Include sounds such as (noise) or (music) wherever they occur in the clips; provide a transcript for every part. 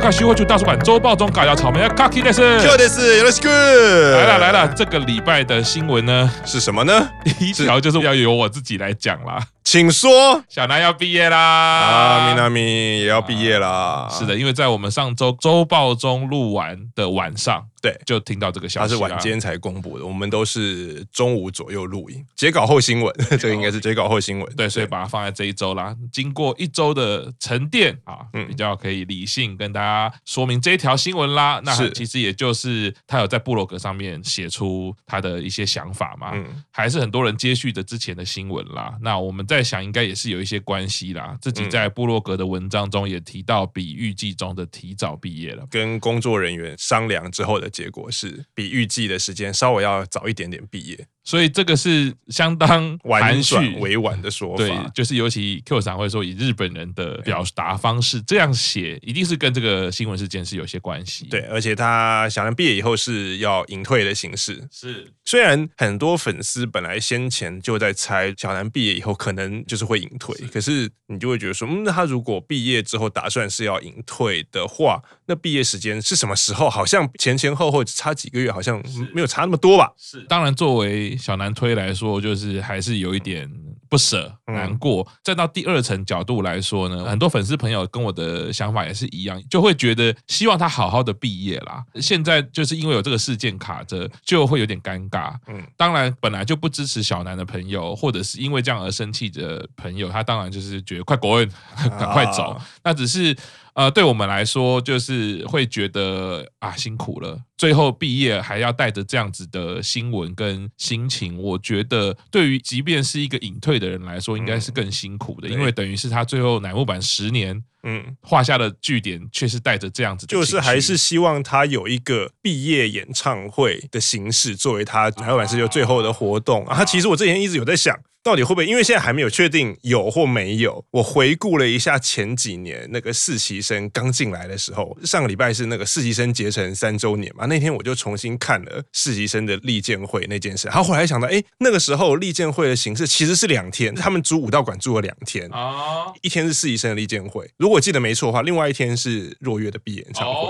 看《大叔坂》週報中搞笑場面，Cocky News，Q News，Let's Go！來了來了，這個禮拜的新聞呢，是什麼呢？第一條就是要由我自己來講啦，請說。小南要畢業啦，啊，咪南咪也要畢業啦、啊。是的，因為在我們上周周報中錄完的晚上。對，就聽到這個消息，啊，他是晚間才公布的。我們都是中午左右錄影，截稿後新聞，對 (laughs) 這個應該是截稿後新聞。對，對所以把它放在這一周啦。經過一周的沉澱啊，嗯、比較可以理性跟大家說明這一條新聞啦。那其實也就是他有在部落格上面寫出他的一些想法嘛，嗯、還是很多人接續著之前的新聞啦。那我們在想，應該也是有一些關係啦。自己在部落格的文章中也提到，比預計中的提早畢業了，跟工作人員商量之後的。結果是比預計的時間稍微要早一點點畢業。所以這個是相當含蓄委婉的說法，對，就是尤其 Q 桑會說以日本人的表達方式、嗯、這樣寫，一定是跟這個新聞事件是有些關係。對，而且他小男畢業以後是要隱退的形式，是。雖然很多粉絲本來先前就在猜小男畢業以後可能就是會隱退，是可是你就會覺得說，嗯，那他如果畢業之後打算是要隱退的話，那畢業時間是什麼時候？好像前前後後只差幾個月，好像沒有差那麼多吧？是，是。當然，作為小南推來說，就是還是有一點不捨、難過。再到第二層角度來說呢，很多粉絲朋友跟我的想法也是一樣，就會覺得希望他好好的畢業啦。現在就是因為有這個事件卡着，就會有點尷尬。嗯，當然本來就不支持小南的朋友，或者是因為這樣而生氣的朋友，他當然就是覺得快滾，趕快走。那只是。呃，對我們來說，就是會覺得啊，辛苦了。最後畢業還要帶着這樣子的新聞跟心情，我覺得對於即便是一個隱退的人來說，應該是更辛苦的，嗯、因為等於是他最後乃木坂十年，嗯，畫下的句點卻是帶着這樣子的，就是還是希望他有一個畢業演唱會的形式作為他乃木坂十九最後的活動啊。啊啊其實我之前一直有在想。到底會不會？因為現在還沒有確定有或沒有。我回顧了一下前幾年那個四期生剛進來的時候，上個禮拜是那個四期生結成三週年嘛。那天我就重新看了四期生的立見會那件事。然後後來想到，哎，那個時候立見會的形式其實是兩天，他們租武道館住了兩天，啊，一天是四期生的立見會。如果記得沒錯的話，另外一天是若月的畢業演唱會。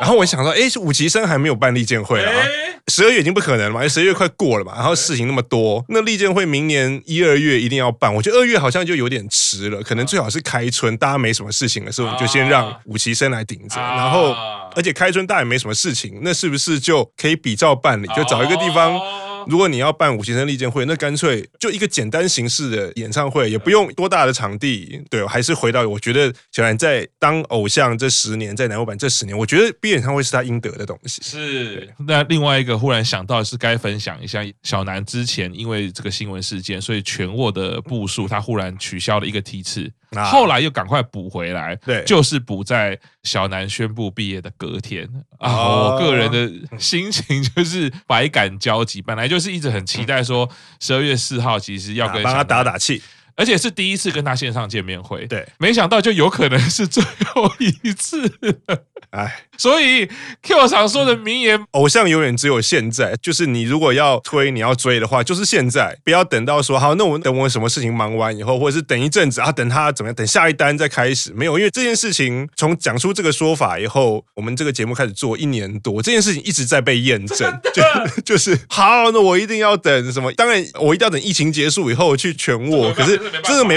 然後我想到，哎，五期生還沒有辦立見會啊。十二月已經不可能了嘛，十二月快過了嘛，然後事情那麼多，那立劍會明年一二月一定要辦，我覺得二月好像就有點遲了，可能最好是開春大家沒什麼事情的時候，就先讓五期生來頂着，然後而且開春大家也沒什麼事情，那是不是就可以比照辦理，就找一個地方？如果你要辦五行生力健會，那乾脆就一個簡單形式的演唱會，也不用多大的場地。對，還是回到我覺得小南在當偶像這十年，在乃木坂這十年，我覺得畢業演唱會是他應得的東西。是。那另外一個忽然想到的是該分享一下小南之前因為這個新聞事件，所以全握的部數，他忽然取消了一個梯次。那後來又趕快補回來，對，就是補在小南宣布畢業的隔天啊、uh, 哦。我個人的心情就是百感交集，本來就是一直很期待說十二月四號，其實要跟幫他打打氣。而且是第一次跟他線上見面會，對，沒想到就有可能是最後一次唉，哎， (laughs) 所以 Q 常說的名言、嗯“偶像永遠只有現在”，就是你如果要推，你要追的話，就是現在，不要等到說好，那我等我什麼事情忙完以後，或者是等一陣子啊，等他怎麼樣，等下一單再開始，沒有，因為這件事情從講出這個說法以後，我們這個節目開始做一年多，這件事情一直在被驗證，的就就是好，那我一定要等什麼？當然，我一定要等疫情結束以後去全臥，可是。這個沒辦法，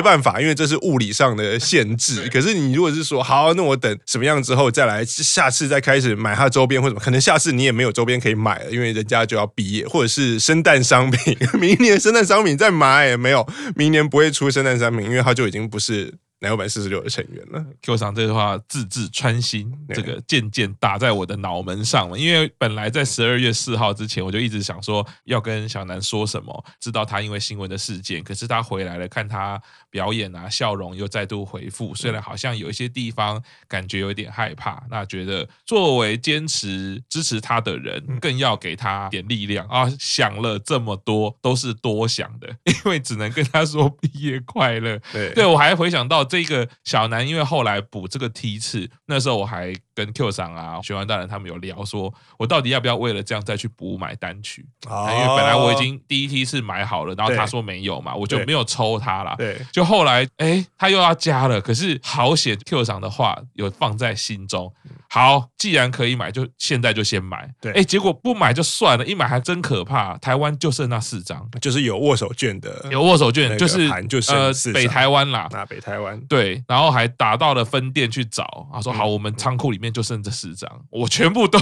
辦法，因為這是物理上的限制。對可是，你如果是說好，那我等什麼樣之後再來，下次再開始買他周邊或什麼，可能下次你也沒有周邊可以買了，因為人家就要畢業，或者是聖誕商品，明年聖誕商品再買也沒有，明年不會出聖誕商品，因為它就已經不是。兩百四十六的成員了。Q 上這句話字字穿心，這個漸漸打在我的腦門上了。因為本來在十二月四號之前，我就一直想說要跟小南說什麼。知道他因為新聞的事件，可是他回來了，看他表演啊，笑容又再度回復。雖然好像有一些地方感覺有點害怕，那覺得作為堅持支持他的人，更要給他點力量啊。想了這麼多，都是多想的，因為只能跟他說畢業快樂。對，對我還回想到。這個小男，因為後來補這個梯次，那時候我還跟 Q 賞啊、玄幻大人他們有聊說，說我到底要不要為了這樣再去補買單曲、哦哎？因為本來我已經第一梯次買好了，然後他說沒有嘛，對我就沒有抽他了。對就後來哎，他又要加了，可是好險、嗯、Q 賞的話有放在心中。好，既然可以買，就現在就先買。對，哎、欸，結果不買就算了，一買還真可怕，啊。台灣就剩那四張，就是有握手券的，有握手券，就是呃，北台灣啦，那北台灣。對，然後還打到了分店去找，啊，說好，嗯、我們倉庫裡面就剩這四張，我全部都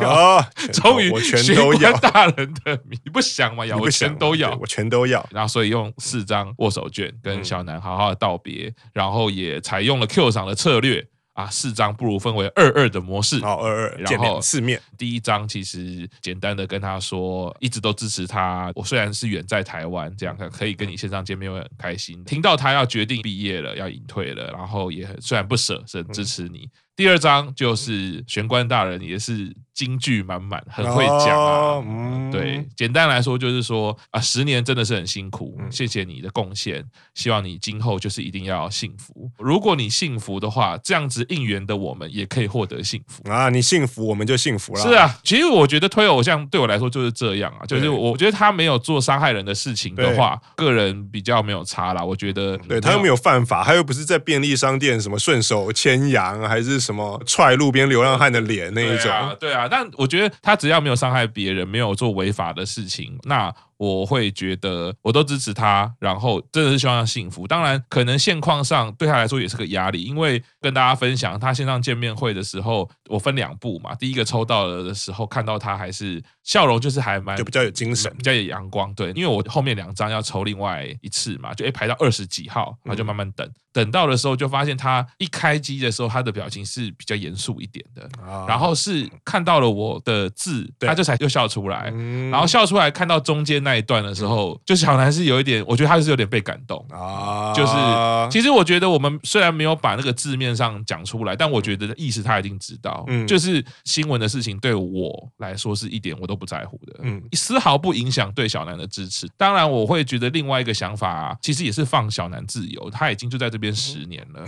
要。終於，我全都要。大人的，你不想嘛，要我全都要，我全都要。然後，所以用四張握手券跟小南好好的道別，嗯、然後也採用了 Q 賞的策略。啊，四張不如分為二二的模式，哦二二，然後見四面。第一張其實簡單的跟他說，一直都支持他。我雖然是遠在台灣，這樣可以跟你線上見面會很開心。聽到他要決定畢業了，要隱退了，然後也很雖然不舍，是很支持你。嗯，第二張就是玄關大人，也是。金句滿滿，很會講啊。哦嗯、對，簡單來說就是說啊，十年真的是很辛苦，嗯、謝謝你的貢獻。希望你今後就是一定要幸福。如果你幸福的話，這樣子應援的我們也可以獲得幸福啊。你幸福，我們就幸福了。是啊，其實我覺得推偶像對我來說就是這樣啊，就是我覺得他沒有做傷害人的事情的話，對個人比較沒有差啦。我覺得，對，他又沒有犯法，他又不是在便利商店什麼順手牽羊，還是什麼踹路邊流浪漢的臉那一種。嗯、對啊。對啊。但我覺得他只要沒有傷害別人，沒有做違法的事情，那。我會覺得，我都支持他，然後真的是希望他幸福。當然，可能現況上對他來說也是個壓力，因為跟大家分享他線上見面會的時候，我分兩步嘛。第一個抽到了的時候，看到他還是笑容，就是還蠻就比較有精神，比較有陽光。對，因為我後面兩張要抽另外一次嘛，就一排到二十幾號，他就慢慢等。嗯、等到的時候，就發現他一開機的時候，他的表情是比較嚴肅一點的。啊、然後是看到了我的字，對他這才又笑出來。嗯、然後笑出來，看到中間那。那一段的時候，就小南是有一點，我覺得他是有點被感動啊。就是其實我覺得我們雖然沒有把那個字面上講出來，但我覺得意思他一定知道。嗯，就是新聞的事情對我來說是一點我都不在乎的，嗯，絲毫不影響對小南的支持。當然，我會覺得另外一個想法啊，其實也是放小南自由。他已經就在這邊十年了，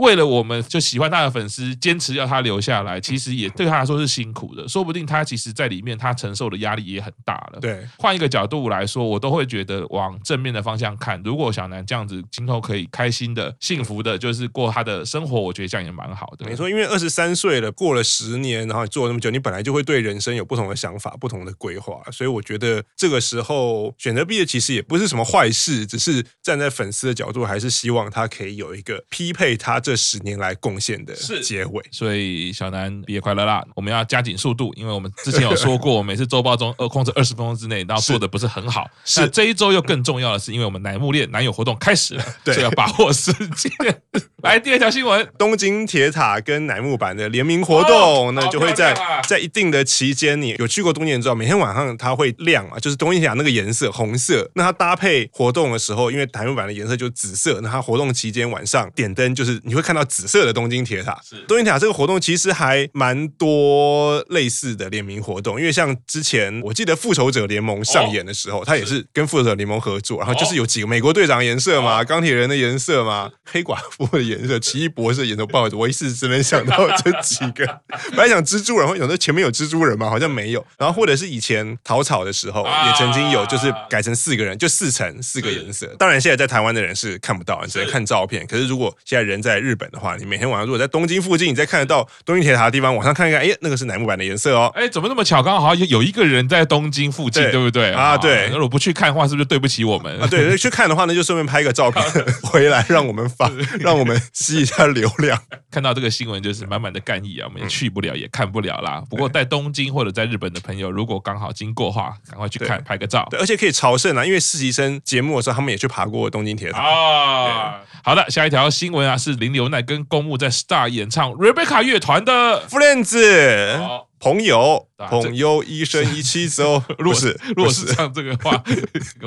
為了我們就喜歡他的粉絲堅持要他留下來，其實也對他來說是辛苦的。說不定他其實，在裡面他承受的壓力也很大了。對，換一個角度，度來說，我都會覺得往正面的方向看。如果小南這樣子今後可以開心的、幸福的，就是過他的生活，我覺得這樣也蠻好的。沒錯，因為二十三歲了，過了十年，然後你做了那麼久，你本來就會對人生有不同的想法、不同的規劃，所以我覺得這個時候選擇畢業其實也不是什麼壞事。只是站在粉絲的角度，還是希望他可以有一個匹配他這十年來貢獻的結尾是。所以，小南畢業快樂啦！我們要加緊速度，因為我們之前有說過，我 (laughs) 每次週報中呃，控制二十分鐘之內，然後做的不是。是很好，是這一周又更重要的是，因為我們乃木戀男友活動開始了，對，要把握時間。 (laughs) 來第二條新聞，東京鐵塔跟乃木坂的聯名活動，哦、那就會在、哦啊、在一定的期間，你有去過東京之後，每天晚上它會亮啊，就是東京塔那個顏色紅色，那它搭配活動的時候，因為乃木坂的顏色就是紫色，那它活動期間晚上點燈，就是你會看到紫色的東京鐵塔。是東京塔這個活動其實還蠻多類似的聯名活動，因為像之前我記得復仇者聯盟上演的、哦。時候，他也是跟復仇者聯盟合作，然後就是有幾個美國隊長顏色嘛，鋼鐵人的顏色嘛，黑寡婦的顏色，奇異博士顏色，不好意思，只能想到這幾個。本來想蜘蛛人，然後想說前面有蜘蛛人嘛，好像沒有，然後或者是以前桃草的時候也曾經有，就是改成四個人，就四層四個顏色。當然現在在台灣的人是看不到，只能看照片。可是如果現在人在日本的話，你每天晚上如果在東京附近，你再看得到東京鐵塔的地方，往上看一看，哎，那個是乃木坂的顏色哦，哎，怎麼那麼巧，剛剛好像有有一個人在東京附近，對不對啊？對，那如果不去看的話，是不是對不起我們？對，去看的話呢，就順便拍個照片回來，讓我們發，讓我們吸一下流量。看到這個新聞就是滿滿的幹意啊！我們也去不了，也看不了啦。不過在東京或者在日本的朋友，如果剛好經過的話，趕快去看，拍個照，而且可以朝聖啊！因為實習生節目的時候，他們也去爬過東京鐵塔啊。好的，下一條新聞啊，是林流奈跟公務在 Star 演唱 Rebecca 樂團的 Friends，朋友。朋友一生一起走，如果是如果是唱這個話，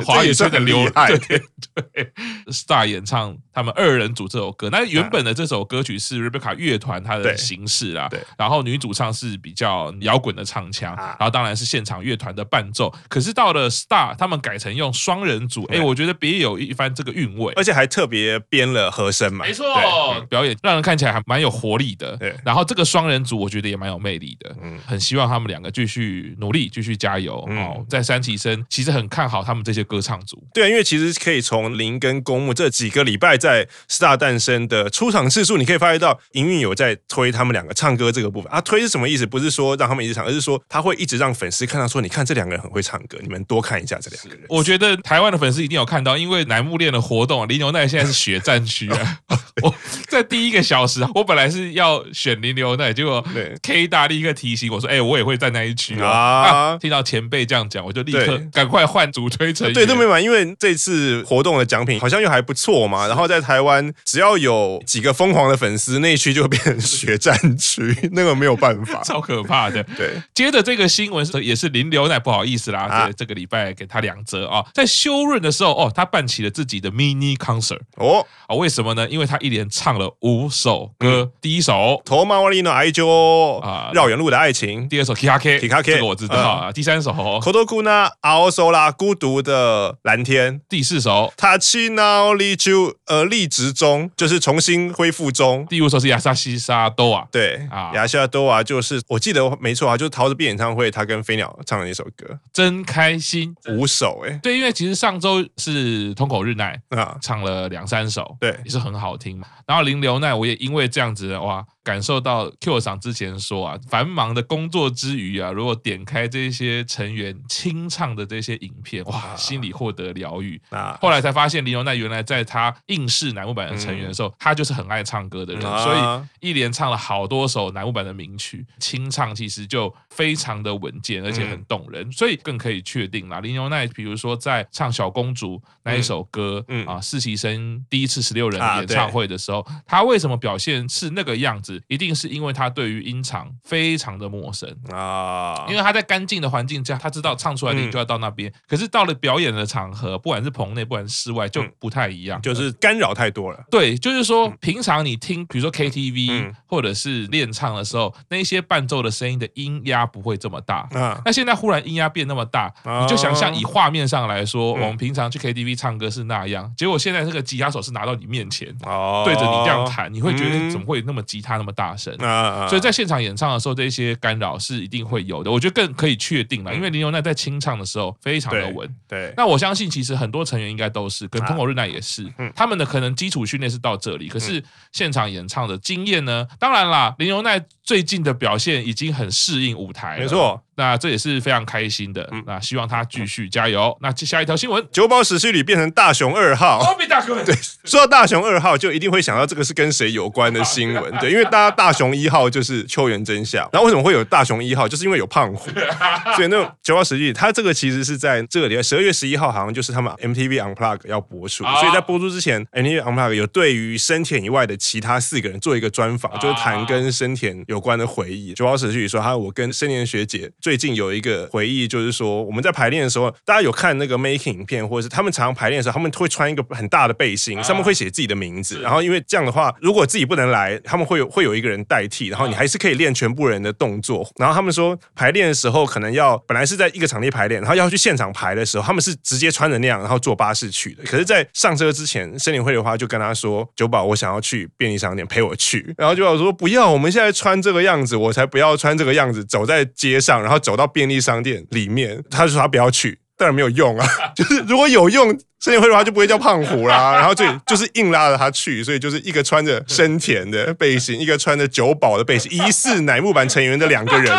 華語圈很，流這是很厲害。對，對，對，對，Star 演唱他們二人組這首歌，那原本的這首歌曲是 Rebecca 樂團它的形式啦。然後女主唱是比較搖滾的唱腔，然後當然是現場樂團的伴奏。可是到了 Star，他們改成用雙人組，哎，我覺得別有一番這個韻味，而且還特別編了和聲嘛。沒錯，嗯、表演讓人看起來還蠻有活力的。對。然後這個雙人組，我覺得也蠻有魅力的。嗯。很希望他們兩個繼續努力，繼續加油、嗯、哦！在三期生其實很看好他們這些歌唱組，對，啊，因為其實可以從林跟弓木這幾個禮拜在四大誕生的出場次數，你可以發覺到營運有在推他們兩個唱歌這個部分啊。推是什麼意思？不是說讓他們一直唱，而是說他會一直讓粉絲看到說，你看這兩個人很會唱歌，你們多看一下這兩個人。我覺得台灣的粉絲一定有看到，因為乃木戀的活動，林瑠奈現在是血戰區啊。 (laughs) 哦 (laughs) 我在第一個小時，我本來是要選林瑠奈，結果對 K 大立刻提醒我說：“哎、欸，我也會在那一區、哦、啊。啊”聽到前輩這樣講，我就立刻趕快換主推成員。對，都沒完，因為這次活動的獎品好像又還不錯嘛。是然後在台灣，只要有幾個瘋狂的粉絲，那一區就變成血戰區，是 (laughs) 那個沒有辦法，超可怕的。對，接着這個新聞是也是林瑠奈不好意思啦，啊、對這個禮拜給他兩則啊。在修潤的時候，哦，他辦起了自己的 mini concert 哦啊、哦？為什麼呢？因為他。一連唱了五首歌，第一首《Tomawari no Aijou》啊，繞遠路的愛情；第二首《Kikkake》，這個我知道啊；第三首《Kodokuna Aozora》，孤獨的藍天；第四首《Tachinaori chu》，呃，立直中就是重新恢復中；第五首是《亞沙西沙多瓦》，對啊，《亞沙西沙多瓦》就是我記得沒錯啊，就是桃子閉演唱會，他跟飛鳥唱的那首歌，真開心，五首誒，對，因為其實上周是通口日奈啊，唱了兩三首，對，也是很好聽。然後靈流呢？我也因為這樣子的話感受到 Q 廠之前說啊，繁忙的工作之餘啊，如果點開這些成員清唱的這些影片，哇，心裡獲得療癒。啊、後來才發現林永奈原來在他應試乃木坂的成員的時候，嗯、他就是很愛唱歌的人，嗯、所以一連唱了好多首乃木坂的名曲，清、嗯、唱其實就非常的穩健，而且很動人，嗯、所以更可以確定啦，林永奈，比如說在唱《小公主》那一首歌，嗯，嗯啊，實習生第一次十六人演唱會的時候，啊、他為什麼表現是那個樣子？一定是因為他對於音場非常的陌生啊，因為他在乾淨的環境下，他知道唱出來的音就要到那邊，可是到了表演的場合，不管是棚內，不管是室外，就不太一樣，就是干擾太多了。對，就是說平常你聽，比如說 KTV 或者是練唱的時候，那些伴奏的聲音的音壓不會這麼大。那現在忽然音壓變那麼大，你就想象以畫面上來說，我們平常去 KTV 唱歌是那樣，結果現在這個吉他手是拿到你面前，對着你這樣彈，你會覺得怎麼會那麼吉他呢？那麼大聲，所以在現場演唱的時候，這一些干擾是一定會有的。我覺得更可以確定了，因為林瑠奈在清唱的時候非常的穩。對，那我相信其實很多成員應該都是跟， (noise) 跟樋口日奈也是，他們的可能基礎訓練是到這裡，可是現場演唱的經驗呢？當然啦，林瑠奈。最近的表現已經很適應舞台沒錯錯，那這也是非常開心的。嗯、那希望他繼續加油。嗯、那下一條新聞，久保史緒里變成大雄二號，大、哦、對。說到大雄二號，就一定會想到這個是跟誰有關的新聞？ (laughs) 對，因為大家大雄一號就是秋元真夏。那為什麼會有大雄一號？就是因為有胖虎。 (laughs) 所以那久保史緒里，他這個其實是在這個禮拜十二月十一號，好像就是他們 MTV Unplugged 要播出，啊、所以在播出之前，MTV Unplugged 有對於生田以外的其他四個人做一個專訪，啊、就是談跟生田有。有關的回憶，久保史緒里說，他我跟生田學姐最近有一個回憶，就是說我們在排練的時候，大家有看那個 making 影片，或者是他們常常排練的時候，他們會穿一個很大的背心，上面會寫自己的名字。然後因為這樣的話，如果自己不能來，他們會會有一個人代替，然後你還是可以練全部人的動作。然後他們說排練的時候可能要本來是在一個場地排練，然後要去現場排的時候，他們是直接穿着那樣，然後坐巴士去的。可是，在上車之前，生田會的話就跟他說，久保我想要去便利商店陪我去，然後久保說不要，我們現在穿。這個樣子，我才不要穿這個樣子走在街上，然後走到便利商店裡面，他就說他不要去，當然沒有用啊，就是如果有用森田的話就不會叫胖虎啦，然後就就是硬拉着他去，所以就是一個穿着生田的背心，一個穿着久保的背心，疑似乃木坂成員的兩個人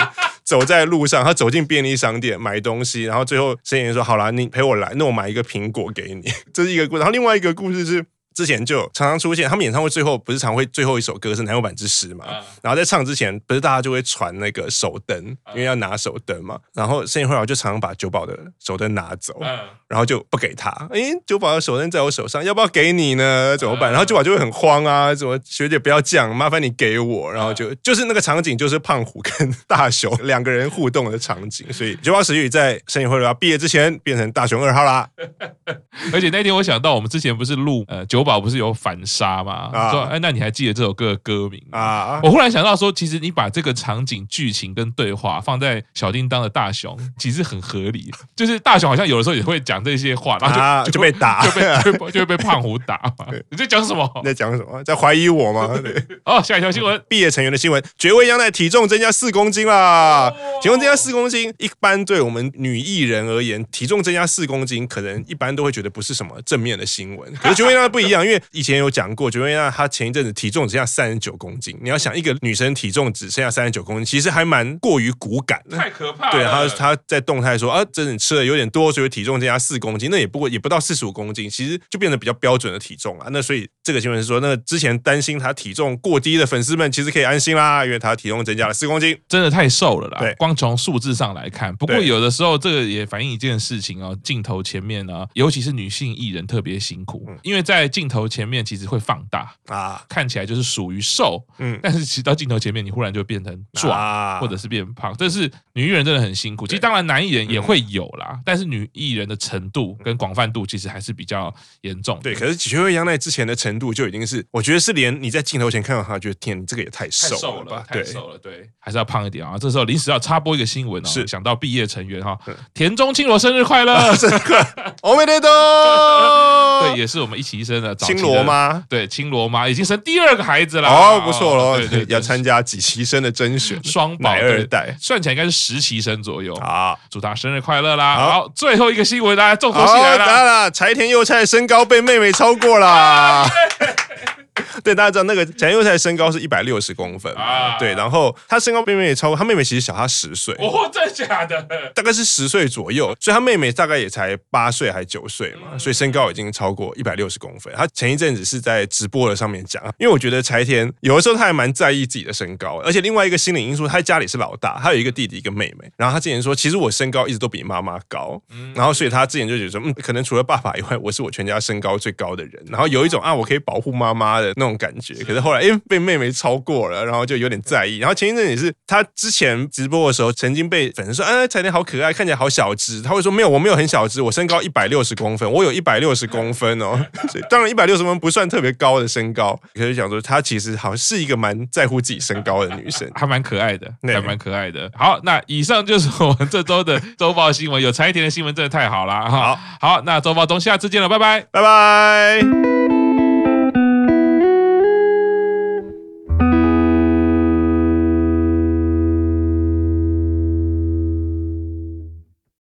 走在路上，他走進便利商店買東西，然後最後森田說好啦，你陪我來，那我買一個蘋果給你，這是一個故事，然後另外一個故事是，之前就常常出現，他們演唱會最後不是常會最後一首歌是《乃木坂之詩》嘛，啊、然後在唱之前，不是大家就會傳那個手燈，啊、因為要拿手燈嘛，然後森野會老就常常把久保的手燈拿走，啊、然後就不給他，哎，久保的手燈在我手上，要不要給你呢？怎麼辦？然後久保就會很慌啊，怎麼學姐不要這樣，麻煩你給我，然後就就是那個場景，就是胖虎跟大雄兩個人互動的場景，所以久保史緒在森野會老畢業之前變成大雄二號啦， (laughs) 而且那天我想到，我們之前不是錄九。呃酒寶不是有反殺嗎？啊、說，哎，那你還記得這首歌的歌名啊？我忽然想到說，其實你把這個場景、劇情跟對話放在小叮噹的大雄，其實很合理。就是大雄好像有的時候也會講這些話，然後就、啊、就被打，就被就被， (laughs) 就，被，就，被就被胖虎打。對你在講什,什麼？在講什麼？在懷疑我嗎？對 (laughs) 哦，下一條新聞，畢、嗯、業成員的新聞，絕味鴨奈體重增加四公斤啦！哦、體重增加四公斤，一般對我們女藝人而言，體重增加四公斤，可能一般都會覺得不是什麼正面的新聞，可是絕味鴨奈不一樣。 (laughs) 因為以前有講過，因為那她前一陣子體重只剩下三十九公斤，你要想一個女生體重只剩下三十九公斤，其實還蠻過於骨感的，太可怕。對她，她在動態說啊，真的你吃的有點多，所以體重增加四公斤，那也不過也不到四十五公斤，其實就變得比較標準的體重了。那所以這個新聞是說，那之前擔心她體重過低的粉絲們，其實可以安心啦，因為她體重增加了四公斤，真的太瘦了啦。對，光從數字上來看，不過對 有的時候這個也反映一件事情哦，鏡頭前面呢，啊，尤其是女性藝人特別辛苦，嗯、因為在鏡。鏡頭前面其實會放大啊，看起來就是屬於瘦，嗯，但是其實到鏡頭前面你忽然就變成壯，或者是變胖，這是女藝人真的很辛苦。其實當然男藝人也會有啦，但是女藝人的程度跟廣泛度其實還是比較嚴重。對，可是許學揚在之前的程度就已經是，我覺得是連你在鏡頭前看到他，覺得天這個也太瘦了吧？太瘦了，對，還是要胖一點啊。這時候臨時要插播一個新聞，是想到畢業成員哈，田中青羅生日快樂，生日快樂，おめでとう，對，也是我們一起一生。青羅媽，對，青羅媽已經生第二個孩子了。哦，不錯了哦，要參加幾期生的甄選，雙寶二代，算起來應該是十期生左右。好，祝他生日快樂啦！好，好，最後一個新聞啦，大家重磅新聞啦！來了，當然了，柴田佑菜身高被妹妹超過啦。 (laughs) 啊對 (laughs) 對，大家知道那個柴田柚菜身高是一百六十公分啊。對，然後他身高並沒有超過他妹妹，其實小他十歲哦，真的假的？大概是十歲左右，所以他妹妹大概也才八歲還是九歲嘛，所以身高已經超過一百六十公分。他前一陣子是在直播的上面講，因為我覺得柴田有的時候他還蠻在意自己的身高，而且另外一個心理因素，他家裡是老大，他有一個弟弟一個妹妹。然後他之前說，其實我身高一直都比媽媽高，然後所以他之前就覺得說，嗯，可能除了爸爸以外，我是我全家身高最高的人。然後有一種啊，我可以保護媽媽的。的那種感覺，是可是後來因為、欸、被妹妹超過了，然後就有點在意。然後前一陣也是，她之前直播的時候，曾經被粉絲說：“哎、啊，柴田好可愛，看起來好小只。”她會說：“沒有，我沒有很小只，我身高一百六十公分，我有一百六十公分哦。 (laughs) 所以當然，一百六十公分不算特別高的身高。可是想說，她其實好像是一個蠻在乎自己身高的女生，還蠻可愛的，對還蠻可愛的。好，那以上就是我們這周的周報新聞。 (laughs) 有柴田的新聞真的太好了。好好，那周報中下次見了，拜拜，拜拜。